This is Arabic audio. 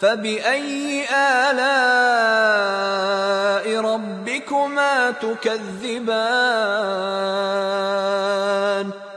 فَبِأَيِّ آلَاءِ رَبِّكُمَا تُكَذِّبَانِ